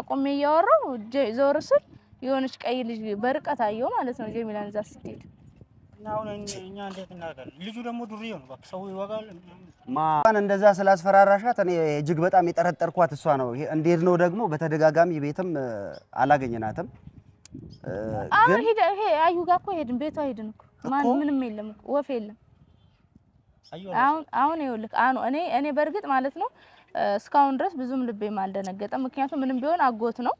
አቁሜ እያወራሁ ዞር ስል የሆነች ቀይ ልጅ በርቀት አየሁ ማለት ነው። ጀሚላን እዛ ስትሄድ ልጁ ደግሞ ዱርዬ ነው። ሰው ይወጋል። እንደዛ ስላስፈራራሻት እኔ እጅግ በጣም የጠረጠርኳት እሷ ነው። እንዴት ነው ደግሞ በተደጋጋሚ ቤትም አላገኘናትም። አሁን ሄደ ይሄ አዩ ጋር እኮ ሄድን፣ ቤቷ ሄድን እኮ ማን ምንም የለም ወፍ የለም። አሁን አሁን ይኸውልህ እኔ እኔ በእርግጥ ማለት ነው እስካሁን ድረስ ብዙም ልቤም አልደነገጠም። ምክንያቱም ምንም ቢሆን አጎት ነው፣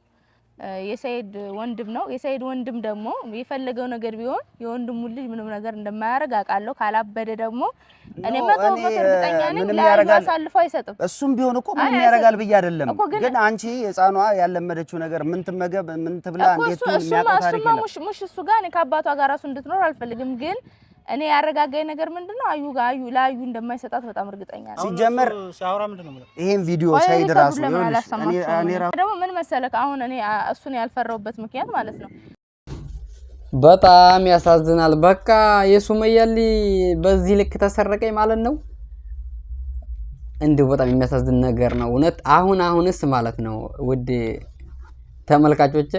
የሰይድ ወንድም ነው። የሰይድ ወንድም ደግሞ የፈለገው ነገር ቢሆን የወንድሙ ልጅ ምንም ነገር እንደማያደርግ አውቃለሁ። ካላበደ ደግሞ እኔ መቶ መቶ እርግጠኛ ነኝ ለአዩ አሳልፎ አይሰጥም። እሱም ቢሆን እኮ ምንም ያደርጋል ብዬ አይደለም፣ ግን አንቺ ህፃኗ ያለመደችው ነገር ምን ትመገብ ምን ትብላ፣ እንዴት የሚያውቀው ሙሽ እሱ ጋር ከአባቷ ጋር ራሱ እንድትኖር አልፈልግም ግን እኔ ያረጋጋኝ ነገር ምንድነው አዩ ጋር አዩ ለአዩ እንደማይሰጣት በጣም እርግጠኛ ነኝ። ሲጀመር ሲያወራ ምንድነው ይሄን ቪዲዮ ሳይድ ራሱ ደግሞ ምን መሰለህ አሁን እኔ እሱን ያልፈረውበት ምክንያት ማለት ነው በጣም ያሳዝናል። በቃ የሱመያሊ በዚህ ልክ ተሰረቀኝ ማለት ነው። እንዲሁ በጣም የሚያሳዝን ነገር ነው እውነት። አሁን አሁንስ ማለት ነው ውድ ተመልካቾቼ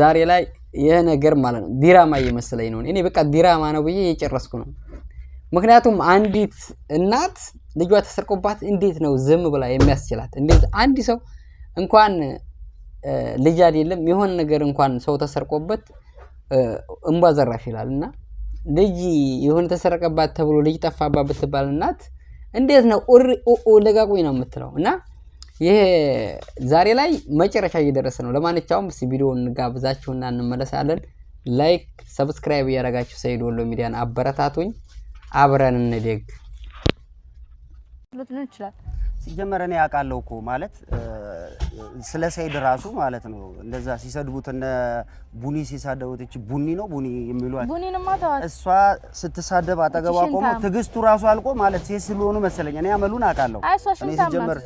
ዛሬ ላይ የነገር ማለት ነው። ዲራማ እየመሰለኝ ነው እኔ በቃ ዲራማ ነው ብዬ እየጨረስኩ ነው። ምክንያቱም አንዲት እናት ልጇ ተሰርቆባት እንዴት ነው ዝም ብላ የሚያስችላት? እንዴት አንድ ሰው እንኳን ልጅ አይደለም የሆነ ነገር እንኳን ሰው ተሰርቆበት እንባ ዘራፍ ይላል እና ልጅ የሆነ ተሰረቀባት ተብሎ ልጅ ጠፋባ ብትባል እናት እንዴት ነው ኡሪ ለጋቁኝ ነው የምትለው እና ይሄ ዛሬ ላይ መጨረሻ እየደረሰ ነው። ለማንኛውም እስኪ ቪዲዮውን እንጋብዛችሁና እንመለሳለን። ላይክ፣ ሰብስክራይብ እያደረጋችሁ ሰይድ ወሎ ሚዲያን አበረታቱኝ። አብረን እንደግ ይችላል ሲጀመር እኔ አውቃለሁ እኮ ማለት ስለ ሰይድ ራሱ ማለት ነው። እንደዛ ሲሰድቡት እነ ቡኒ ሲሳደቡት እቺ ቡኒ ነው ቡኒ የሚሏት እሷ ስትሳደብ አጠገቧ ቆሞ ትግስቱ ራሱ አልቆ ማለት ሴት ስለሆኑ መሰለኝ እኔ ያመሉን አውቃለሁ እኔ ሲጀመር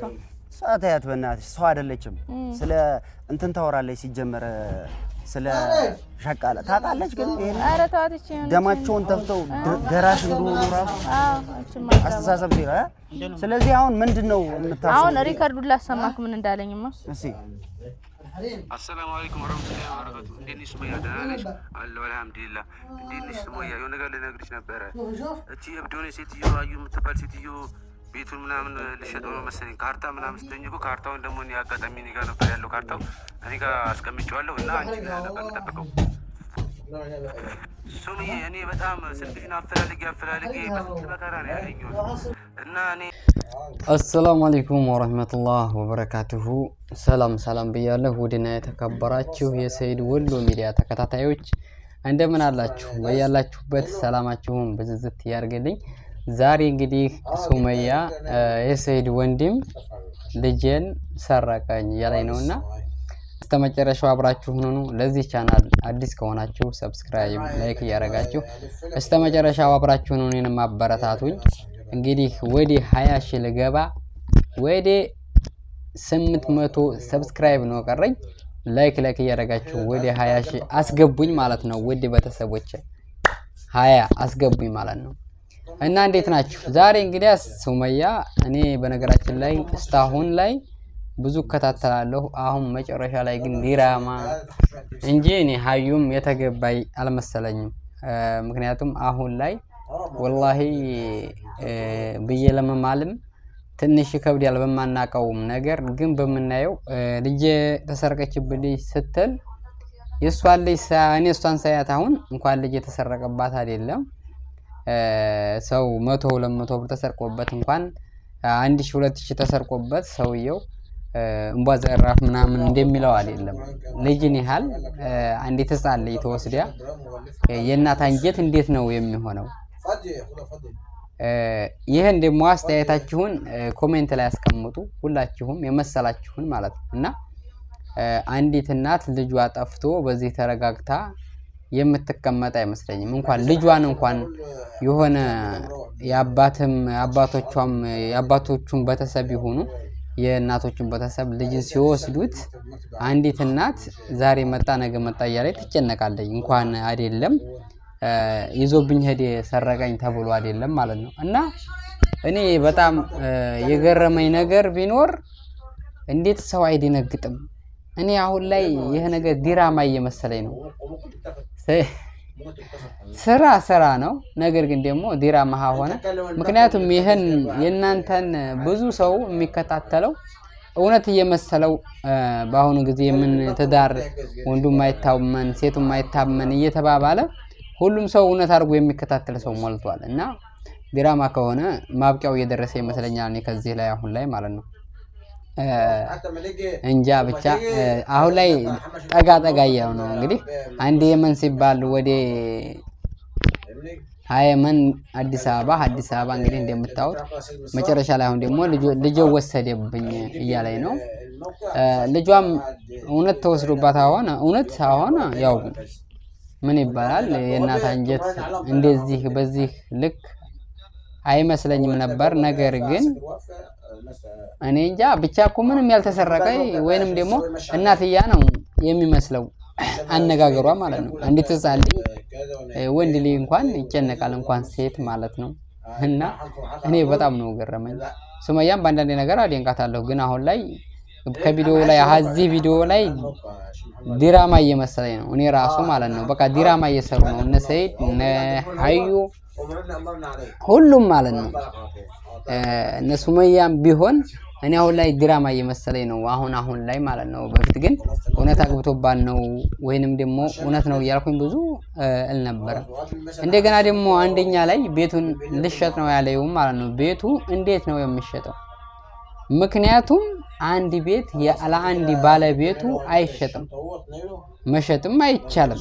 ሰዓታያት በእናትሽ ሰው አይደለችም። ስለ እንትን ታወራለች ሲጀመረ ስለ ሸቃለ ታውቃለች። ግን ይሄን አረ ተዋት። እቺ ደማቸውን ተፍተው ደራሽ እንደሆኑ ራሱ አስተሳሰብ ዜሮ። ስለዚህ አሁን ምንድነው ነው የምታስበው? አሁን ሪከርዱን ላሰማክ ምን እንዳለኝማ እስኪ አሰላሙ አለይኩም ወራህመቱላሂ ወበረካቱ። እንዴት ነሽ ሱመያ? ደህና ነሽ? አለሁ አልሐምዱሊላህ። እንዴት ነሽ ሱመያ? የሆነ ነገር ልነግርሽ ነበረ። እቺ እብድ ሆነች ሴትዮ አዩ የምትባል ሴትዮ ቤቱን ምናምን ልሸጠው ነው መሰለኝ ካርታ ምናምን ስትለኝ እኮ ካርታውን ደግሞ እኔ አጋጣሚ እኔ ጋር ነበር ያለው ካርታው እኔ ጋር አስቀምጨዋለሁ እና አንቺ ነበር የምጠብቀው ሱምዬ እኔ በጣም ስልክሽን አፈላልጌ አፈላልጌ በስንት መከራ ነው ያገኘሁት እና እኔ አሰላሙ አለይኩም ወረህመቱላህ ወበረካትሁ። ሰላም ሰላም ብያለሁ። ውድና የተከበራችሁ የሰይድ ወሎ ሚዲያ ተከታታዮች እንደምን አላችሁ? በያላችሁበት ሰላማችሁን ብዝዝት ያርግልኝ። ዛሬ እንግዲህ ሱመያ የሰይድ ወንድም ልጄን ሰረቀኝ እያላይ ነው እና እስተመጨረሻው አብራችሁ ሁኑኑ። ለዚህ ቻናል አዲስ ከሆናችሁ ሰብስክራይብ፣ ላይክ እያደረጋችሁ እስተመጨረሻው አብራችሁ ሁኑ፣ እኔንም አበረታቱኝ። እንግዲህ ወደ ሀያ ሺህ ልገባ ወደ ስምንት መቶ ሰብስክራይብ ነው ቀረኝ። ላይክ ላይክ እያደረጋችሁ ወደ ሀያ ሺ አስገቡኝ ማለት ነው። ወደ ቤተሰቦች ሀያ አስገቡኝ ማለት ነው። እና እንዴት ናችሁ? ዛሬ እንግዲህ ሱመያ እኔ በነገራችን ላይ እስካሁን ላይ ብዙ እከታተላለሁ። አሁን መጨረሻ ላይ ግን ዲራማ እንጂ እኔ ሀዩም የተገባይ አልመሰለኝም። ምክንያቱም አሁን ላይ ወላሂ ብዬ ለመማልም ትንሽ ይከብዳል። በማናቀውም ነገር ግን በምናየው ልጄ ልጅ ስትል የእሷን ልጅ እኔ እሷን ሳያት አሁን እንኳን ልጅ የተሰረቀባት አይደለም ሰው መቶ ሁለት መቶ ብር ተሰርቆበት እንኳን አንድ ሺ ሁለት ሺ ተሰርቆበት ሰውየው እንቧ ዘራፍ ምናምን እንደሚለው አይደለም። ልጅን ያህል አንዲት ህፃን ልጅ ተወስዳ የእናት አንጀት እንዴት ነው የሚሆነው? ይህን ደግሞ አስተያየታችሁን ኮሜንት ላይ ያስቀምጡ። ሁላችሁም የመሰላችሁን ማለት ነው እና አንዲት እናት ልጇ ጠፍቶ በዚህ ተረጋግታ የምትቀመጥ አይመስለኝም። እንኳን ልጇን እንኳን የሆነ የአባትም አባቶቿም የአባቶቹም ቤተሰብ የሆኑ የእናቶቹን ቤተሰብ ልጅን ሲወስዱት አንዲት እናት ዛሬ መጣ ነገ መጣ እያለች ትጨነቃለች። እንኳን አይደለም ይዞብኝ ሄደ ሰረቀኝ ተብሎ አይደለም ማለት ነው። እና እኔ በጣም የገረመኝ ነገር ቢኖር እንዴት ሰው አይደነግጥም? እኔ አሁን ላይ ይህ ነገር ዲራማ እየመሰለኝ ነው። ስራ ስራ ነው። ነገር ግን ደግሞ ዲራማ ሆነ። ምክንያቱም ይህን የእናንተን ብዙ ሰው የሚከታተለው እውነት እየመሰለው በአሁኑ ጊዜ የምን ትዳር ወንዱ ማይታመን ሴቱ ማይታመን እየተባባለ ሁሉም ሰው እውነት አድርጎ የሚከታተል ሰው ሞልቷል እና ዲራማ ከሆነ ማብቂያው እየደረሰ ይመስለኛል። እኔ ከዚህ ላይ አሁን ላይ ማለት ነው እንጃ ብቻ አሁን ላይ ጠጋ ጠጋ እያው ነው እንግዲህ አንድ የመን ሲባል ወደ ሀየመን አዲስ አበባ አዲስ አበባ እንግዲህ እንደምታዩት መጨረሻ ላይ አሁን ደግሞ ልጅ ወሰደብኝ እያለኝ ነው። ልጇም እውነት ተወስዶባት አሁን እውነት አሁን ያው ምን ይባላል የእናት አንጀት እንደዚህ በዚህ ልክ አይመስለኝም ነበር። ነገር ግን እኔ እንጃ ብቻ እኮ ምንም ያልተሰረቀ ወይንም ደግሞ እናትያ ነው የሚመስለው አነጋገሯ ማለት ነው። አንዲት ህጻን ወንድ ልጅ እንኳን ይጨነቃል እንኳን ሴት ማለት ነው። እና እኔ በጣም ነው ገረመኝ። ሱመያም በአንዳንዴ ነገር አደንቃታለሁ፣ ግን አሁን ላይ ከቪዲዮ ላይ ከዚህ ቪዲዮ ላይ ዲራማ እየመሰለኝ ነው እኔ ራሱ ማለት ነው። በቃ ዲራማ እየሰሩ ነው እነ ሰይድ እነ ሀዩ ሁሉም ማለት ነው። እነ ሱመያም ቢሆን እኔ አሁን ላይ ድራማ እየመሰለኝ ነው፣ አሁን አሁን ላይ ማለት ነው። በፊት ግን እውነት አግብቶባት ነው ወይንም ደግሞ እውነት ነው እያልኩኝ ብዙ እል ነበረ። እንደገና ደግሞ አንደኛ ላይ ቤቱን ልሸጥ ነው ያለው ማለት ነው። ቤቱ እንዴት ነው የሚሸጠው? ምክንያቱም አንድ ቤት ለአንድ ባለቤቱ አይሸጥም፣ መሸጥም አይቻልም።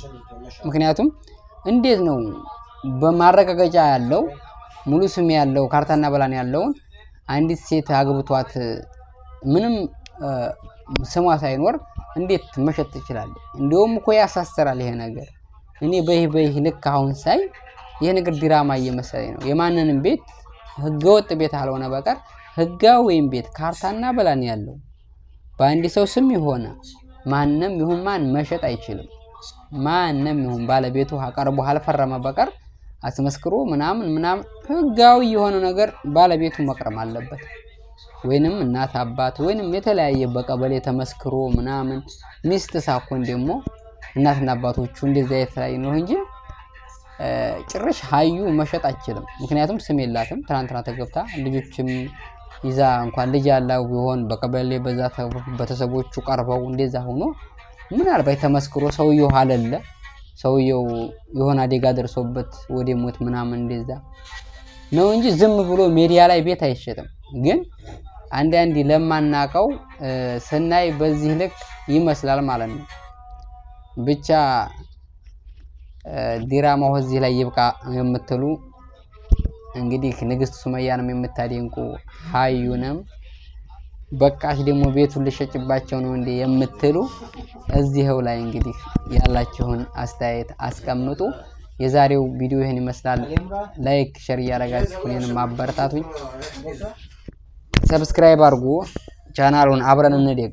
ምክንያቱም እንዴት ነው በማረጋገጫ ያለው ሙሉ ስም ያለው ካርታና በላን ያለውን አንዲት ሴት አግብቷት ምንም ስሟ ሳይኖር እንዴት መሸጥ ትችላለህ? እንዲሁም እኮ ያሳሰራል ይሄ ነገር። እኔ በይህ በይህ ልክ አሁን ሳይ ይሄ ነገር ድራማ እየመሰለኝ ነው። የማንንም ቤት ህገወጥ ቤት አልሆነ በቀር ህጋዊ ወይም ቤት ካርታና በላን ያለው በአንድ ሰው ስም የሆነ ማንም ይሁን ማን መሸጥ አይችልም። ማንም ይሁን ባለቤቱ አቀርቦ አልፈረመ በቀር አስመስክሮ ምናምን ምናምን ህጋዊ የሆነ ነገር ባለቤቱ መቅረም አለበት። ወይንም እናት አባት፣ ወይንም የተለያየ በቀበሌ ተመስክሮ ምናምን ሚስት ሳኮን ደግሞ እናትና አባቶቹ እንደዚያ የተለያዩ ነው እንጂ ጭርሽ ሀዩ መሸጥ አይችልም። ምክንያቱም ስም የላትም። ትናንትና ተገብታ ልጆችም ይዛ እንኳን ልጅ ያለው ቢሆን በቀበሌ በዛ ቤተሰቦቹ ቀርበው እንደዛ ሆኖ ምናልባት ተመስክሮ ሰውየው አለለ ሰውየው የሆነ አደጋ ደርሶበት ወደ ሞት ምናምን እንደዛ ነው እንጂ ዝም ብሎ ሜዲያ ላይ ቤት አይሸጥም። ግን አንዳንድ ለማናቀው ስናይ በዚህ ልክ ይመስላል ማለት ነው። ብቻ ዲራማው እዚህ ላይ ይብቃ የምትሉ እንግዲህ ንግስት ሱመያንም የምታደንቁ ሀዩንም በቃሽ ደግሞ ቤቱን ልሸጭባቸው ነው እንዴ የምትሉ እዚህው ላይ እንግዲህ ያላችሁን አስተያየት አስቀምጡ። የዛሬው ቪዲዮ ይህን ይመስላል። ላይክ፣ ሸር እያደረጋችሁ እኔንም አበረታቱኝ። ሰብስክራይብ አድርጉ ቻናሉን አብረን እንደግ